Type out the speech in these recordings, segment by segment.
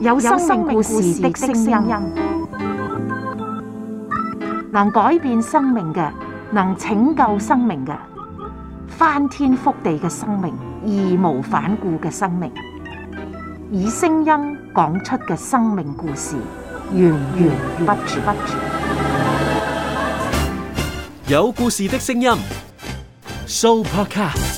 有生命故事的聲音，能改變生命嘅，能拯救生命嘅，翻天覆地嘅生命，義無反顧嘅生命，以聲音講出嘅生命故事，源源不絕。有故事的聲音，Soupercast。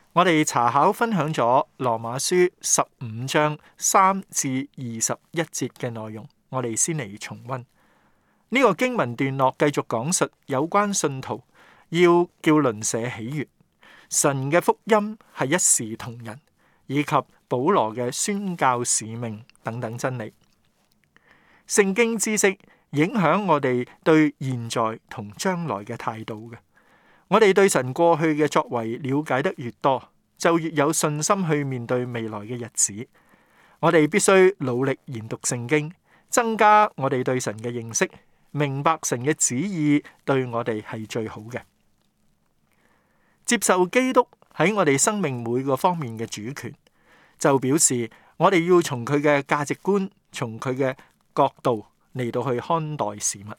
我哋查考分享咗羅馬書十五章三至二十一節嘅內容，我哋先嚟重溫呢、這個經文段落，繼續講述有關信徒要叫鄰舍喜悅、神嘅福音係一視同仁，以及保羅嘅宣教使命等等真理。聖經知識影響我哋對現在同將來嘅態度嘅。我哋對神過去嘅作為了解得越多，就越有信心去面對未來嘅日子。我哋必須努力研讀聖經，增加我哋對神嘅認識，明白神嘅旨意對我哋係最好嘅。接受基督喺我哋生命每個方面嘅主權，就表示我哋要從佢嘅價值觀、從佢嘅角度嚟到去看待事物。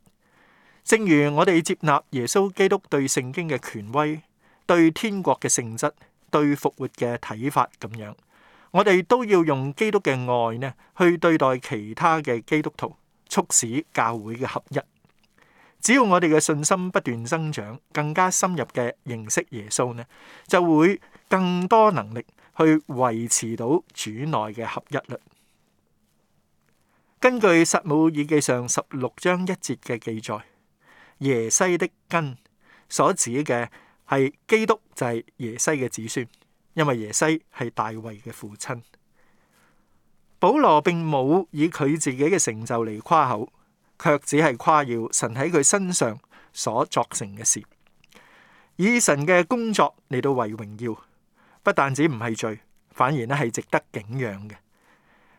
正如我哋接納耶穌基督對聖經嘅權威、對天國嘅性質、對復活嘅睇法咁樣，我哋都要用基督嘅愛呢，去對待其他嘅基督徒，促使教會嘅合一。只要我哋嘅信心不斷增長，更加深入嘅認識耶穌呢，就會更多能力去維持到主內嘅合一啦。根據《撒母耳記》上十六章一節嘅記載。耶西的根所指嘅係基督，就係耶西嘅子孫，因為耶西係大衛嘅父親。保羅並冇以佢自己嘅成就嚟誇口，卻只係誇耀神喺佢身上所作成嘅事，以神嘅工作嚟到為榮耀。不但止唔係罪，反而咧係值得敬仰嘅。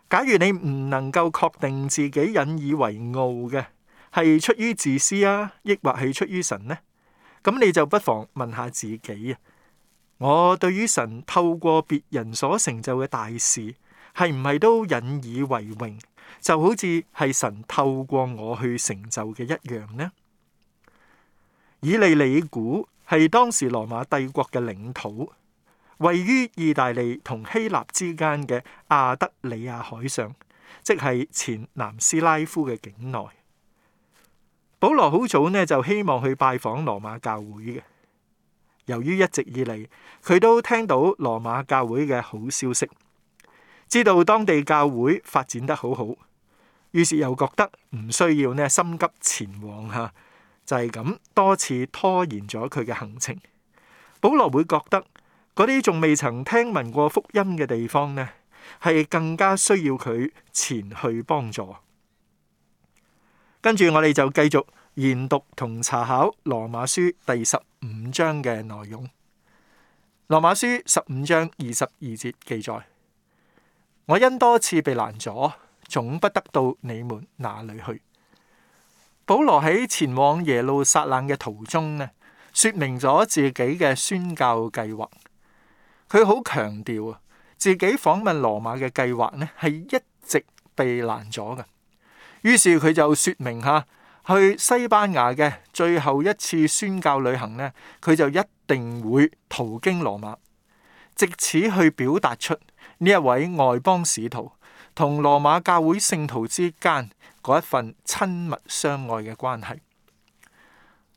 假如你唔能夠確定自己引以為傲嘅，係出於自私啊，抑或係出於神呢？咁你就不妨問下自己啊。我對於神透過別人所成就嘅大事，係唔係都引以為榮，就好似係神透過我去成就嘅一樣呢？以利里古係當時羅馬帝國嘅領土，位於意大利同希臘之間嘅亞德里亞海上，即係前南斯拉夫嘅境內。保羅好早咧就希望去拜訪羅馬教會嘅，由於一直以嚟佢都聽到羅馬教會嘅好消息，知道當地教會發展得好好，於是又覺得唔需要呢心急前往吓，就係咁多次拖延咗佢嘅行程。保羅會覺得嗰啲仲未曾聽聞過福音嘅地方呢，係更加需要佢前去幫助。跟住我哋就繼續研讀同查考羅馬書第十五章嘅內容。羅馬書十五章二十二節記載：我因多次被攔阻，總不得到你們那裏去。保羅喺前往耶路撒冷嘅途中呢，說明咗自己嘅宣教計劃。佢好強調啊，自己訪問羅馬嘅計劃呢，係一直被攔阻嘅。於是佢就説明下去西班牙嘅最後一次宣教旅行咧，佢就一定會途經羅馬，藉此去表達出呢一位外邦使徒同羅馬教會聖徒之間嗰一份親密相愛嘅關係。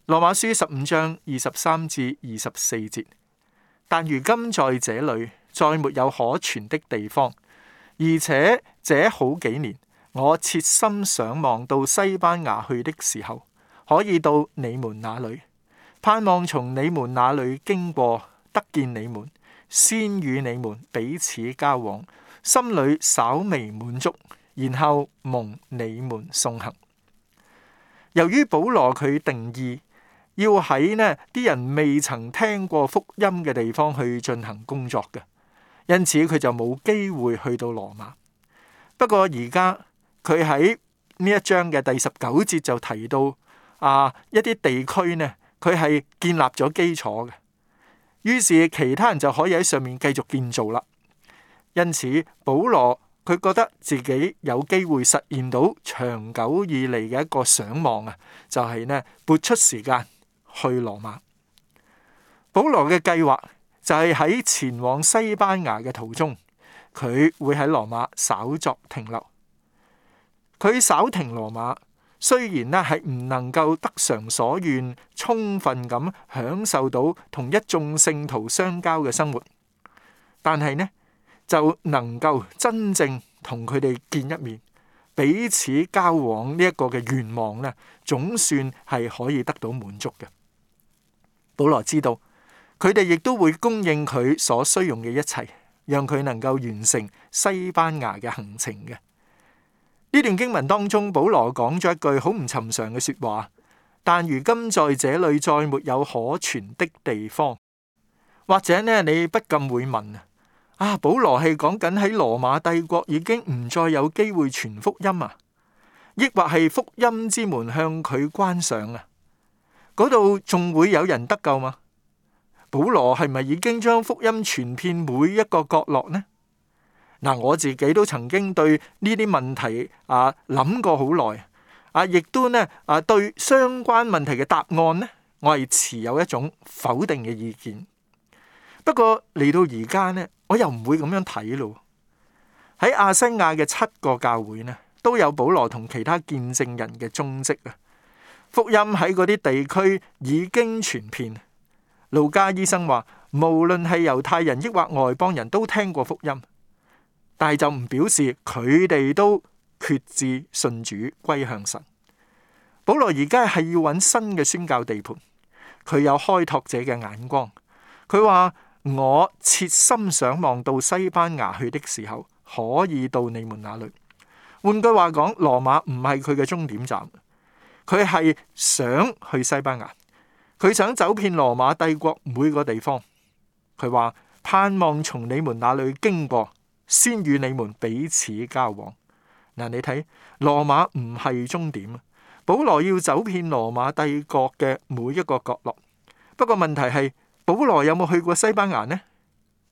羅馬書十五章二十三至二十四節，但如今在這裏再沒有可傳的地方，而且這好幾年。我切心想望到西班牙去的時候，可以到你們那裏，盼望從你們那裏經過，得見你們，先與你們彼此交往，心裏稍微滿足，然後蒙你們送行。由於保羅佢定意要喺呢啲人未曾聽過福音嘅地方去進行工作嘅，因此佢就冇機會去到羅馬。不過而家。佢喺呢一章嘅第十九節就提到啊，一啲地區呢，佢係建立咗基礎嘅，於是其他人就可以喺上面繼續建造啦。因此，保羅佢覺得自己有機會實現到長久以來嘅一個想望啊，就係呢撥出時間去羅馬。保羅嘅計劃就係喺前往西班牙嘅途中，佢會喺羅馬稍作停留。佢稍停羅馬，雖然呢係唔能夠得償所願，充分咁享受到同一眾聖徒相交嘅生活，但係呢，就能夠真正同佢哋見一面，彼此交往呢一個嘅願望呢，總算係可以得到滿足嘅。保羅知道，佢哋亦都會供應佢所需用嘅一切，讓佢能夠完成西班牙嘅行程嘅。呢段經文當中，保羅講咗一句好唔尋常嘅說話，但如今在這裏再沒有可傳的地方。或者呢，你不禁會問啊，啊，保羅係講緊喺羅馬帝國已經唔再有機會傳福音啊，抑或係福音之門向佢關上啊？嗰度仲會有人得救嗎？保羅係咪已經將福音傳遍每一個角落呢？嗱，我自己都曾經對呢啲問題啊諗過好耐啊，亦都咧啊，對相關問題嘅答案咧，我係持有一種否定嘅意見。不過嚟到而家咧，我又唔會咁樣睇咯。喺亞西亞嘅七個教會咧，都有保羅同其他見證人嘅蹤跡啊。福音喺嗰啲地區已經傳遍。路加醫生話，無論係猶太人抑或外邦人都聽過福音。但係就唔表示佢哋都決志信主歸向神。保羅而家係要搵新嘅宣教地盤，佢有開拓者嘅眼光。佢話，我切心想望到西班牙去的時候，可以到你們那裏。換句話講，羅馬唔係佢嘅終點站，佢係想去西班牙，佢想走遍羅馬帝國每個地方。佢話，盼望從你們那裏經過。先與你們彼此交往嗱，啊。你睇羅馬唔係終點啊，保羅要走遍羅馬帝國嘅每一個角落。不過問題係，保羅有冇去過西班牙呢？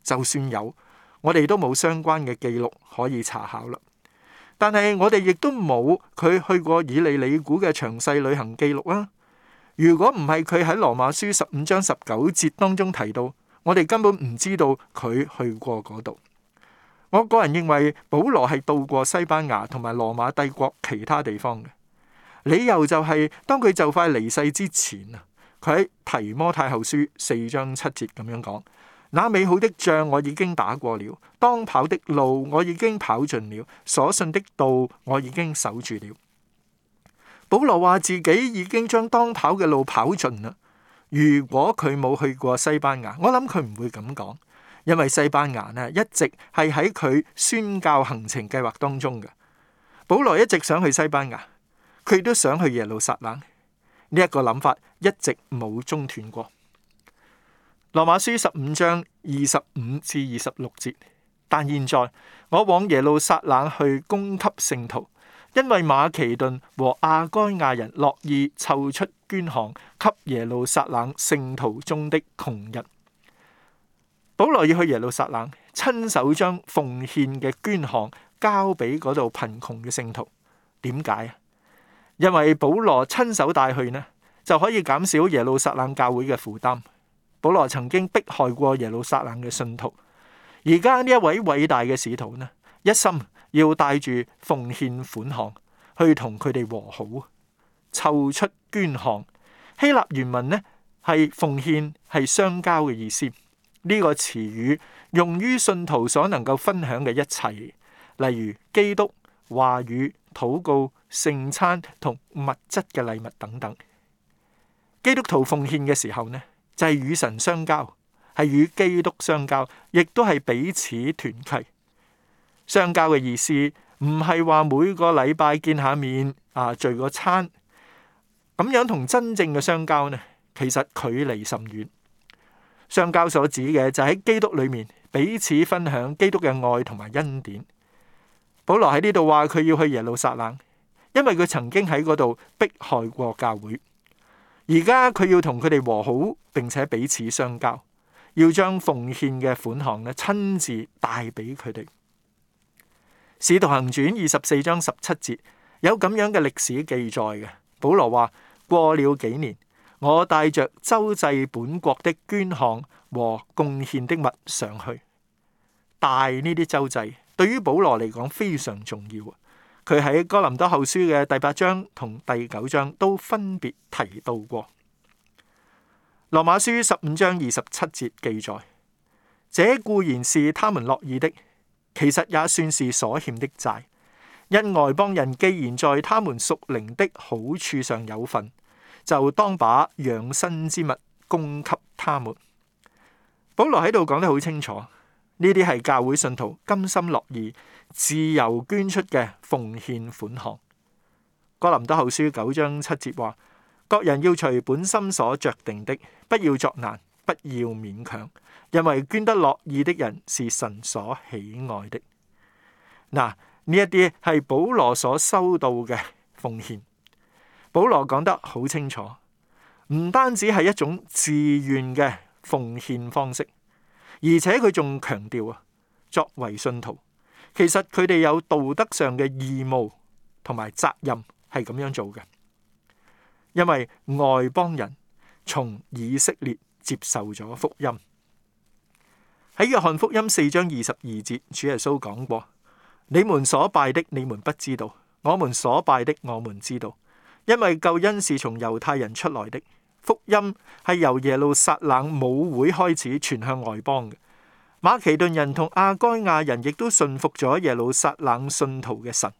就算有，我哋都冇相關嘅記錄可以查考啦。但係我哋亦都冇佢去過以利里古嘅詳細旅行記錄啊。如果唔係佢喺羅馬書十五章十九節當中提到，我哋根本唔知道佢去過嗰度。我個人認為保羅係到過西班牙同埋羅馬帝國其他地方嘅。理由就係當佢就快離世之前啊，佢喺提摩太後書四章七節咁樣講：那美好的仗我已經打過了，當跑的路我已經跑盡了，所信的道我已經守住了。保羅話自己已經將當跑嘅路跑盡啦。如果佢冇去過西班牙，我諗佢唔會咁講。因為西班牙呢一直係喺佢宣教行程計劃當中嘅，保羅一直想去西班牙，佢亦都想去耶路撒冷，呢、這、一個諗法一直冇中斷過。羅馬書十五章二十五至二十六節，但現在我往耶路撒冷去供給聖徒，因為馬其頓和阿該亞人樂意湊出捐項給耶路撒冷聖徒中的窮人。保羅要去耶路撒冷，親手將奉獻嘅捐項，交俾嗰度貧窮嘅聖徒。點解啊？因為保羅親手帶去呢，就可以減少耶路撒冷教會嘅負擔。保羅曾經迫害過耶路撒冷嘅信徒，而家呢一位偉大嘅使徒呢，一心要帶住奉獻款項去同佢哋和好，湊出捐項。希臘原文呢係奉獻係相交嘅意思。呢個詞語用於信徒所能夠分享嘅一切，例如基督話語、禱告、聖餐同物質嘅禮物等等。基督徒奉獻嘅時候呢，就係與神相交，係與基督相交，亦都係彼此團契。相交嘅意思唔係話每個禮拜見下面啊，聚個餐。咁樣同真正嘅相交呢，其實距離甚遠。相交所指嘅就喺基督裏面彼此分享基督嘅愛同埋恩典。保羅喺呢度話佢要去耶路撒冷，因為佢曾經喺嗰度迫害過教會，而家佢要同佢哋和好，並且彼此相交，要將奉獻嘅款項咧親自帶俾佢哋。使徒行傳二十四章十七節有咁樣嘅歷史記載嘅。保羅話過了幾年。我帶着周濟本國的捐項和貢獻的物上去，帶呢啲周濟對於保羅嚟講非常重要。佢喺哥林多後書嘅第八章同第九章都分別提到過。羅馬書十五章二十七節記載：「這固然是他們樂意的，其實也算是所欠的債，因外邦人既然在他們屬靈的好處上有份。就當把養生之物供給他們。保羅喺度講得好清楚，呢啲係教會信徒甘心樂意、自由捐出嘅奉獻款項。哥林多後書九章七節話：各人要隨本心所酌定的，不要作難，不要勉強。因為捐得樂意的人是神所喜愛的。嗱，呢一啲係保羅所收到嘅奉獻。保羅講得好清楚，唔單止係一種自願嘅奉獻方式，而且佢仲強調啊，作為信徒，其實佢哋有道德上嘅義務同埋責任係咁樣做嘅，因為外邦人從以色列接受咗福音。喺約翰福音四章二十二節，主耶穌講過：你們所拜的，你們不知道，我們所拜的，我們知道。因為救恩是從猶太人出來的，福音係由耶路撒冷母會開始傳向外邦嘅。馬其頓人同阿該亞人亦都信服咗耶路撒冷信徒嘅神。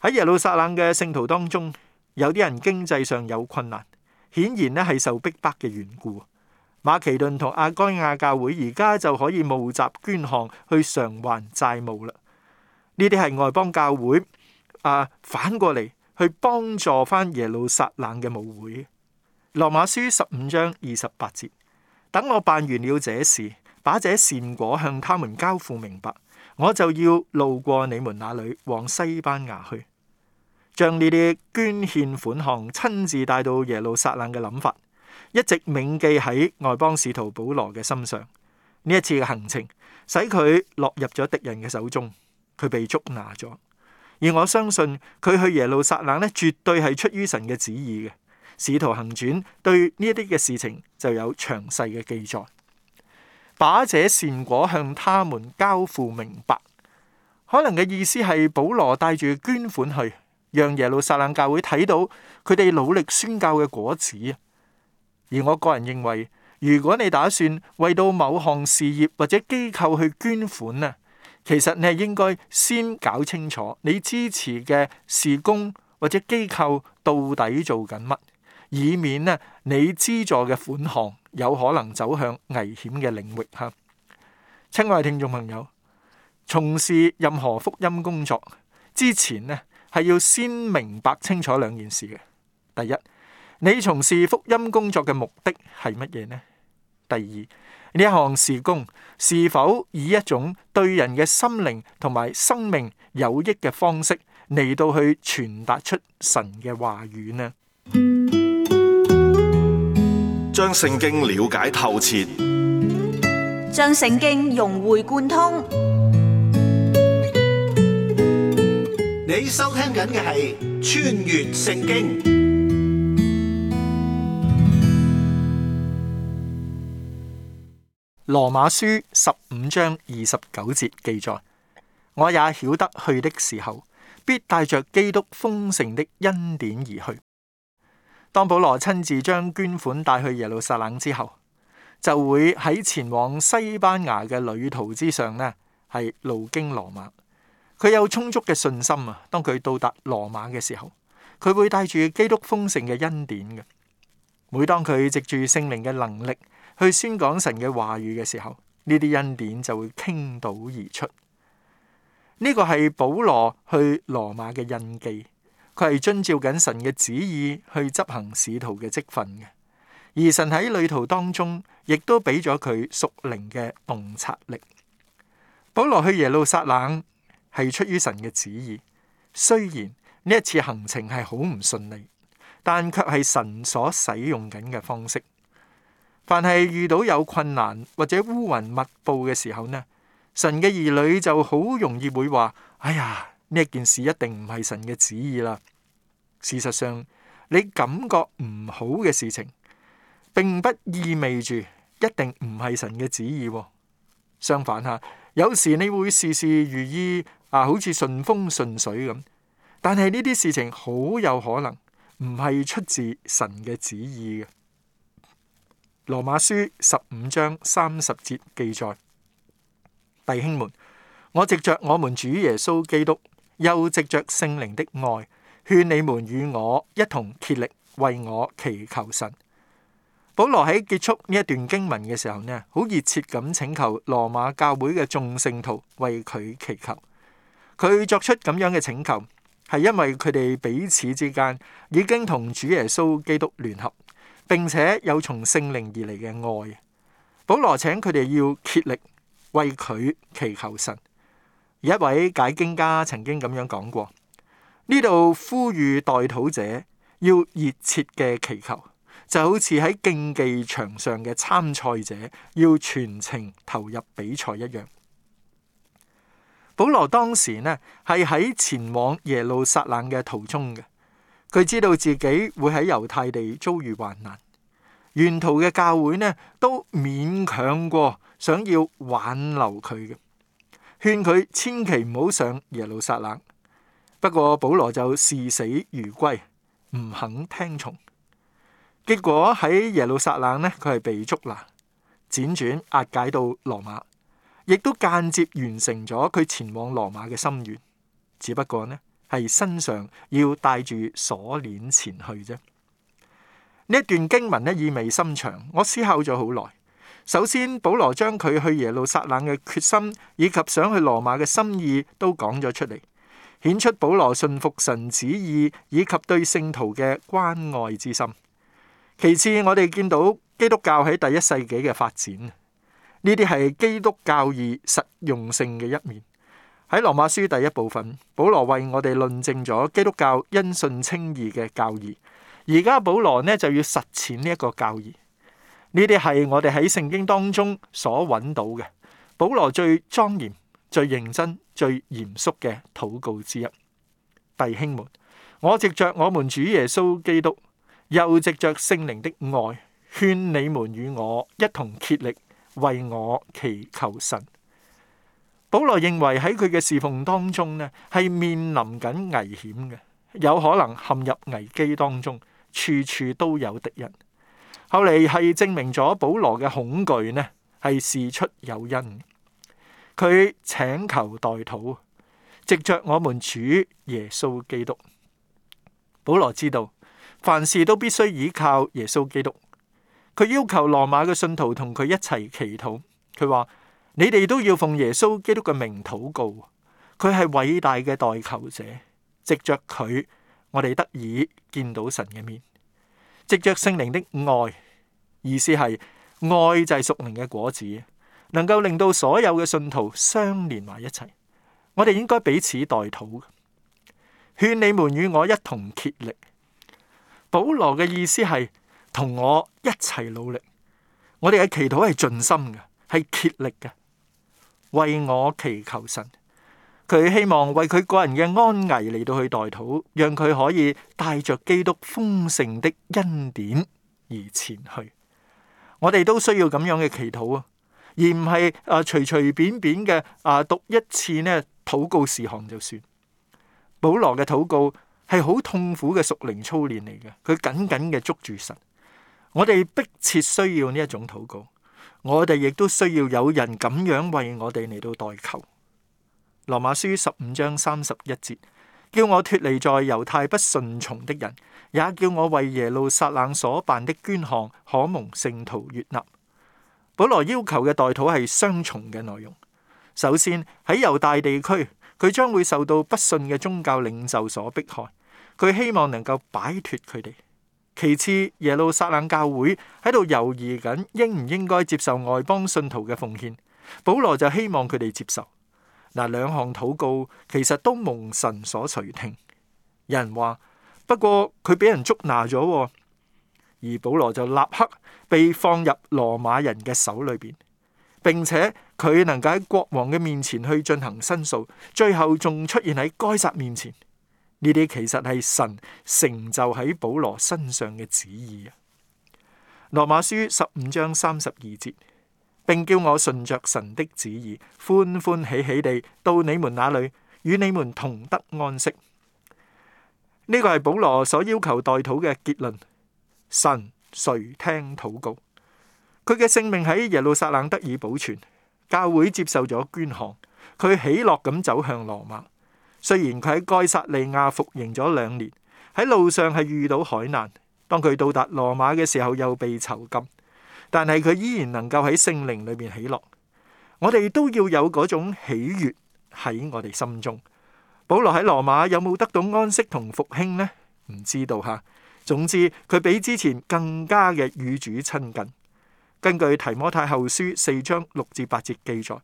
喺耶路撒冷嘅聖徒當中，有啲人經濟上有困難，顯然咧係受逼迫嘅緣故。馬其頓同阿該亞教會而家就可以募集捐項去償還債務啦。呢啲係外邦教會啊，反過嚟。去幫助翻耶路撒冷嘅舞會，羅馬書十五章二十八節。等我辦完了這事，把這善果向他們交付明白，我就要路過你們那裡往西班牙去，將呢啲捐獻款項親自帶到耶路撒冷嘅諗法，一直銘記喺外邦使徒保羅嘅心上。呢一次嘅行程使佢落入咗敵人嘅手中，佢被捉拿咗。而我相信佢去耶路撒冷咧，絕對係出於神嘅旨意嘅。使徒行傳對呢一啲嘅事情就有詳細嘅記載，把這善果向他們交付明白。可能嘅意思係保羅帶住捐款去，讓耶路撒冷教會睇到佢哋努力宣教嘅果子。而我個人認為，如果你打算為到某項事業或者機構去捐款呢？其實你係應該先搞清楚你支持嘅事工或者機構到底做緊乜，以免咧你資助嘅款項有可能走向危險嘅領域嚇。親愛嘅聽眾朋友，從事任何福音工作之前咧，係要先明白清楚兩件事嘅。第一，你從事福音工作嘅目的係乜嘢呢？第二，呢一項事工是否以一種對人嘅心靈同埋生命有益嘅方式嚟到去傳達出神嘅話語呢？將聖經了解透徹，將聖經融會貫通。你收聽緊嘅係《穿越聖經》。羅馬書十五章二十九節記載，我也曉得去的時候必帶着基督豐盛的恩典而去。當保羅親自將捐款帶去耶路撒冷之後，就會喺前往西班牙嘅旅途之上呢，係路經羅馬。佢有充足嘅信心啊！當佢到達羅馬嘅時候，佢會帶住基督豐盛嘅恩典嘅。每當佢藉住聖靈嘅能力，去宣講神嘅話語嘅時候，呢啲恩典就會傾倒而出。呢個係保羅去羅馬嘅印記，佢係遵照緊神嘅旨意去執行使徒嘅職分嘅。而神喺旅途當中，亦都俾咗佢屬靈嘅洞察力。保羅去耶路撒冷係出於神嘅旨意，雖然呢一次行程係好唔順利，但卻係神所使用緊嘅方式。凡係遇到有困難或者烏雲密布嘅時候呢，神嘅兒女就好容易會話：哎呀，呢件事一定唔係神嘅旨意啦。事實上，你感覺唔好嘅事情，並不意味住一定唔係神嘅旨意。相反吓，有時你會事事如意，啊，好似順風順水咁。但係呢啲事情好有可能唔係出自神嘅旨意嘅。羅馬書十五章三十節記載：弟兄們，我藉着我們主耶穌基督，又藉着聖靈的愛，勸你們與我一同竭力為我祈求神。保羅喺結束呢一段經文嘅時候呢，好熱切咁請求羅馬教會嘅眾聖徒為佢祈求。佢作出咁樣嘅請求，係因為佢哋彼此之間已經同主耶穌基督聯合。並且有從聖靈而嚟嘅愛，保羅請佢哋要竭力為佢祈求神。而一位解經家曾經咁樣講過：呢度呼籲代禱者要熱切嘅祈求，就好似喺競技場上嘅參賽者要全程投入比賽一樣。保羅當時呢係喺前往耶路撒冷嘅途中嘅。佢知道自己會喺猶太地遭遇患難，沿途嘅教會呢都勉強過，想要挽留佢嘅，勸佢千祈唔好上耶路撒冷。不過保羅就視死如歸，唔肯聽從。結果喺耶路撒冷呢，佢係被捉拿，輾轉押解到羅馬，亦都間接完成咗佢前往羅馬嘅心願。只不過呢，係身上要帶住鎖鏈前去啫。呢一段經文呢，意味深長，我思考咗好耐。首先，保羅將佢去耶路撒冷嘅決心，以及想去羅馬嘅心意，都講咗出嚟，顯出保羅信服神旨意，以及對聖徒嘅關愛之心。其次，我哋見到基督教喺第一世紀嘅發展，呢啲係基督教義實用性嘅一面。喺羅馬書第一部分，保羅為我哋論證咗基督教因信稱義嘅教義。而家保羅呢，就要實踐呢一個教義。呢啲係我哋喺聖經當中所揾到嘅保羅最莊嚴、最認真、最嚴肅嘅禱告之一。弟兄們，我藉着我們主耶穌基督，又藉着聖靈的愛，勸你們與我一同竭力，為我祈求神。保羅認為喺佢嘅侍奉當中呢，係面臨緊危險嘅，有可能陷入危機當中，處處都有敵人。後嚟係證明咗保羅嘅恐懼呢，係事出有因。佢請求代禱，藉着我們主耶穌基督。保羅知道凡事都必須依靠耶穌基督。佢要求羅馬嘅信徒同佢一齊祈禱。佢話。你哋都要奉耶穌基督嘅名禱告，佢係偉大嘅代求者，藉着佢我哋得以見到神嘅面。藉着聖靈的愛，意思係愛就係屬靈嘅果子，能夠令到所有嘅信徒相連埋一齊。我哋應該彼此代禱，勸你們與我一同竭力。保羅嘅意思係同我一齊努力。我哋嘅祈禱係盡心嘅，係竭力嘅。為我祈求神，佢希望為佢個人嘅安危嚟到去代禱，讓佢可以帶着基督豐盛的恩典而前去。我哋都需要咁樣嘅祈禱啊，而唔係啊隨隨便便嘅啊讀一次呢禱告事項就算。保羅嘅禱告係好痛苦嘅屬靈操練嚟嘅，佢緊緊嘅捉住神。我哋迫切需要呢一種禱告。我哋亦都需要有人咁樣為我哋嚟到代求。羅馬書十五章三十一節，叫我脫離在猶太不順從的人，也叫我為耶路撒冷所辦的捐項可蒙聖徒悅納。保羅要求嘅代禱係雙重嘅內容。首先喺猶大地區，佢將會受到不信嘅宗教領袖所迫害，佢希望能夠擺脱佢哋。其次，耶路撒冷教會喺度猶豫緊應唔應該接受外邦信徒嘅奉獻，保羅就希望佢哋接受。嗱，兩項禱告其實都蒙神所垂聽。有人話，不過佢俾人捉拿咗，而保羅就立刻被放入羅馬人嘅手裏邊，並且佢能夠喺國王嘅面前去進行申訴，最後仲出現喺該撒面前。呢啲其實係神成就喺保羅身上嘅旨意啊，《羅馬書》十五章三十二節，並叫我順着神的旨意，歡歡喜喜地到你們那裏，與你們同得安息。呢個係保羅所要求代禱嘅結論。神垂聽禱告，佢嘅性命喺耶路撒冷得以保存，教會接受咗捐項，佢喜樂咁走向羅馬。雖然佢喺蓋撒利亞服刑咗兩年，喺路上係遇到海難，當佢到達羅馬嘅時候又被囚禁，但係佢依然能夠喺聖靈裏面喜樂。我哋都要有嗰種喜悅喺我哋心中。保羅喺羅馬有冇得到安息同復興呢？唔知道吓。總之佢比之前更加嘅與主親近。根據提摩太後書四章六至八節記載。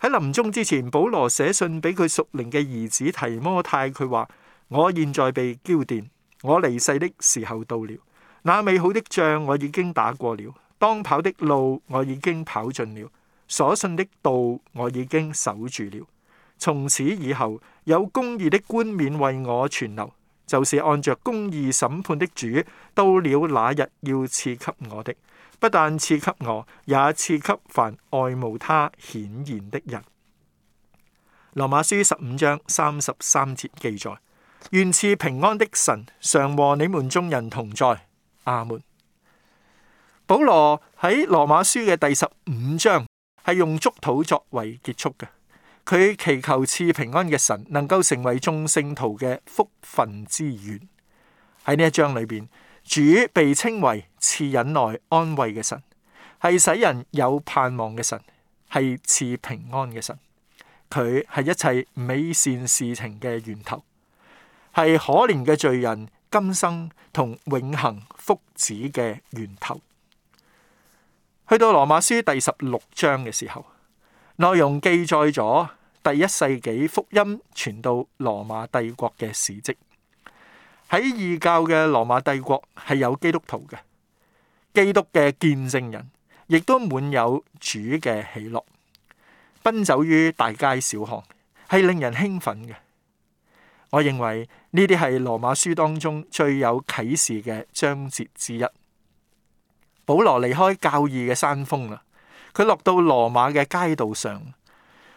喺臨終之前，保羅寫信俾佢屬靈嘅兒子提摩太，佢話：我現在被澆奠，我離世的時候到了。那美好的仗我已經打過了，當跑的路我已經跑盡了，所信的道我已經守住了。從此以後，有公義的冠冕為我存留，就是按着公義審判的主，到了那日要賜給我的。不但賜給我，也賜給凡愛慕他顯現的人。羅馬書十五章三十三節記載：願賜平安的神，常和你們眾人同在。阿門。保羅喺羅馬書嘅第十五章係用祝禱作為結束嘅，佢祈求賜平安嘅神能夠成為眾聖徒嘅福分之源。喺呢一章裏邊。主被稱為賜忍耐安慰嘅神，係使人有盼望嘅神，係賜平安嘅神。佢係一切美善事情嘅源頭，係可憐嘅罪人今生同永恆福祉嘅源頭。去到羅馬書第十六章嘅時候，內容記載咗第一世紀福音傳到羅馬帝國嘅史跡。喺異教嘅羅馬帝國係有基督徒嘅，基督嘅見證人，亦都滿有主嘅喜樂，奔走於大街小巷，係令人興奮嘅。我認為呢啲係羅馬書當中最有啟示嘅章節之一。保羅離開教義嘅山峰啦，佢落到羅馬嘅街道上，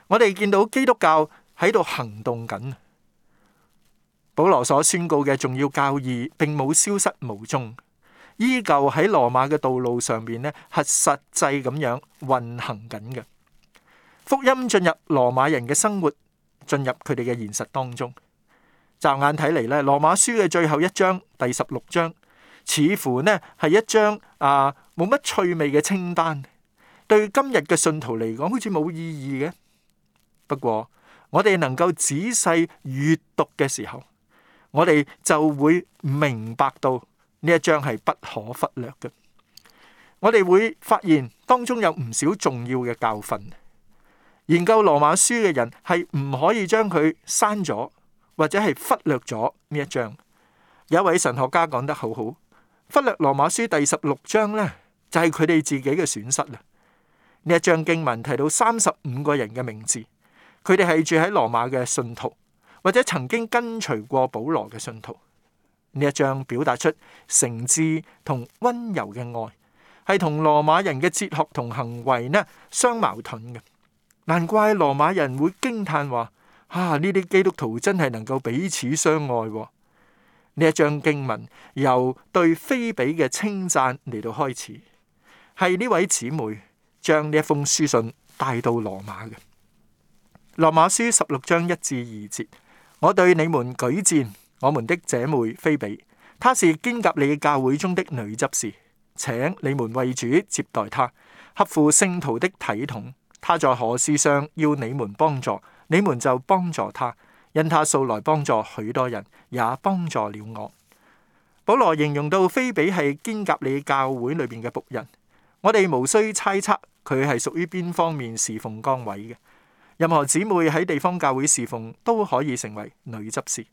我哋見到基督教喺度行動緊。保羅所宣告嘅重要教義，並冇消失無蹤，依舊喺羅馬嘅道路上邊咧，係實際咁樣運行緊嘅。福音進入羅馬人嘅生活，進入佢哋嘅現實當中。乍眼睇嚟咧，羅馬書嘅最後一章第十六章，似乎咧係一張啊冇乜趣味嘅清單，對今日嘅信徒嚟講，好似冇意義嘅。不過我哋能夠仔細閱讀嘅時候，我哋就會明白到呢一章係不可忽略嘅。我哋會發現當中有唔少重要嘅教訓。研究羅馬書嘅人係唔可以將佢刪咗或者係忽略咗呢一章。有一位神學家講得好好，忽略羅馬書第十六章呢，就係佢哋自己嘅損失啦。呢一章經文提到三十五個人嘅名字，佢哋係住喺羅馬嘅信徒。或者曾經跟隨過保羅嘅信徒，呢一章表達出誠摯同温柔嘅愛，係同羅馬人嘅哲學同行為呢相矛盾嘅。難怪羅馬人會驚歎話：啊呢啲基督徒真係能夠彼此相愛，哦。呢一章經文由對菲比嘅稱讚嚟到開始，係呢位姊妹將呢一封書信帶到羅馬嘅，《羅馬書》十六章一至二節。我對你們舉薦我們的姐妹菲比，她是堅甲利教會中的女執事，請你們為主接待她，合乎聖徒的體統。她在何事上要你們幫助，你們就幫助她，因她素來幫助許多人，也幫助了我。保羅形容到菲比係堅甲利教會裏面嘅僕人，我哋無需猜測佢係屬於邊方面侍奉崗位嘅。任何姊妹喺地方教會侍奉都可以成為女執事。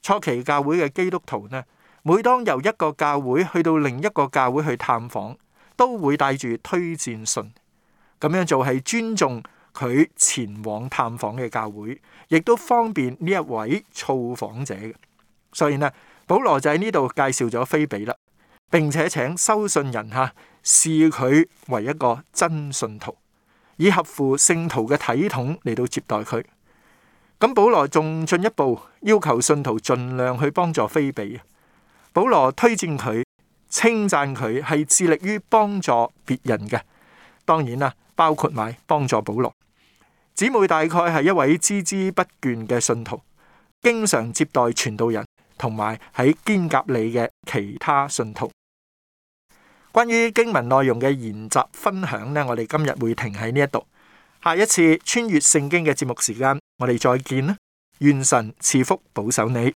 初期教會嘅基督徒呢，每當由一個教會去到另一個教會去探訪，都會帶住推薦信，咁樣做係尊重佢前往探訪嘅教會，亦都方便呢一位造訪者嘅。所以呢，保羅就喺呢度介紹咗菲比啦，並且請收信人吓視佢為一個真信徒。以合乎聖徒嘅體統嚟到接待佢，咁保羅仲進一步要求信徒盡量去幫助菲比，保羅推薦佢，稱讚佢係致力於幫助別人嘅。當然啦，包括埋幫助保羅姊妹，大概係一位孜孜不倦嘅信徒，經常接待傳道人同埋喺堅革哩嘅其他信徒。關於經文內容嘅研習分享呢，我哋今日會停喺呢一度。下一次穿越聖經嘅節目時間，我哋再見啦！願神賜福保守你。